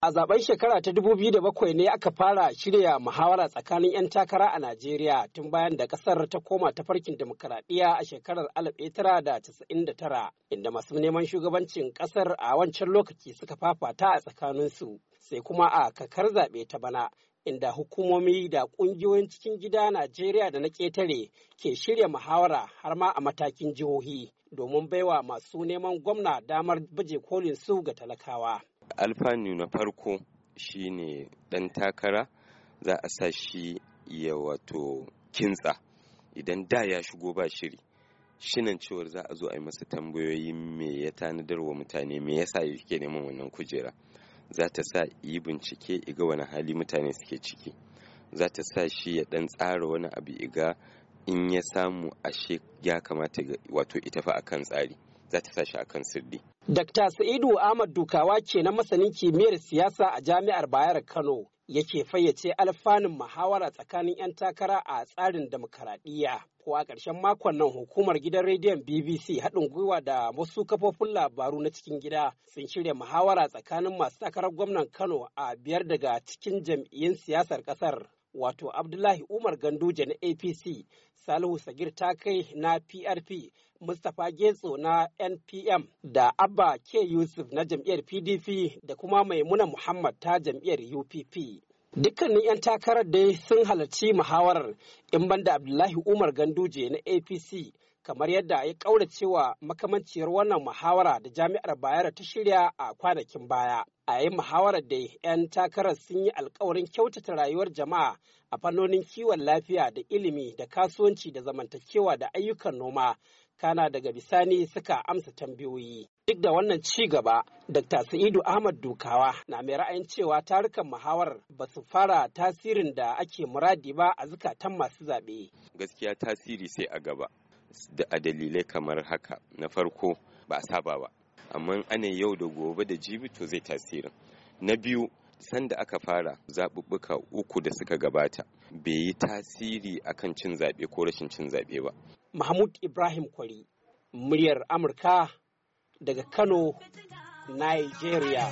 A zaben shekara ta dubu biyu da bakwai ne aka fara shirya muhawara tsakanin 'yan takara a Najeriya tun bayan da kasar ta koma ta farkin demokaradiyya a shekarar da da casa'in tara, inda masu neman shugabancin kasar a wancan lokaci suka fafata a tsakaninsu sai kuma a kakar zaɓe ta bana inda hukumomi da ƙungiyoyin cikin gida Najeriya da na ƙetare ke shirya muhawara har ma a matakin jihohi domin baiwa masu neman gwamna damar baje kolin su ga talakawa. alfanu na farko shine ɗan takara za a sa shi ya wato kintsa idan da ya shigo ba shiri shinan cewar za a zo a yi masa tambayoyi me ya tanadar wa mutane me yasa yake neman wannan kujera za ta sa yi bincike iga wani hali mutane suke ciki za ta sa shi ya dan tsara wani abu iga in ya samu ashe ya kamata wato ita fa kan tsari za ta sashi akan sirri. Dr. Sa'idu Ahmad Dukawa na masanin kimiyyar siyasa a Jami'ar Bayar Kano yake fayyace alfanun muhawara tsakanin 'yan takara a tsarin demokaradiyya. Ko a ƙarshen makon nan hukumar gidan rediyon BBC haɗin gwiwa da wasu kafofin labaru na cikin gida sun shirya muhawara tsakanin masu takarar gwamnan Kano a biyar daga cikin jam'iyyun siyasar ƙasar. wato Abdullahi Umar Ganduje na APC, Salihu Sagir ta kai na PRP, Mustapha Getso na NPM da Abba K. Yusuf na jam'iyyar PDP da kuma Maimuna Muhammad ta jam'iyyar UPP. Dukkanin 'yan takarar dai sun halarci muhawarar in banda Abdullahi Umar Ganduje na APC kamar yadda ya ƙauracewa makamanciyar wannan muhawara da jami'ar Bayero ta shirya a kwanakin baya. A yayin muhawarar da 'yan takarar sun yi alkawarin kyautata rayuwar jama'a a fannonin kiwon lafiya da ilimi da kasuwanci da zamantakewa da ayyukan noma, kana daga bisani suka amsa tambayoyi. Duk da wannan ci gaba, Dr. Sa'idu Ahmad Dukawa na mai ra'ayin cewa tarukan muhawar ba su fara tasirin da ake muradi ba a zukatan masu zaɓe. Gaskiya tasiri sai a gaba. a dalilai kamar haka na farko ba a saba ba amma ana yau da gobe da jibi to zai tasiri na biyu sanda aka fara zaɓuɓɓuka uku da suka gabata bai yi tasiri a kan cin zaɓe ko rashin cin zaɓe ba mahmud ibrahim kwari muryar amurka daga kano nigeria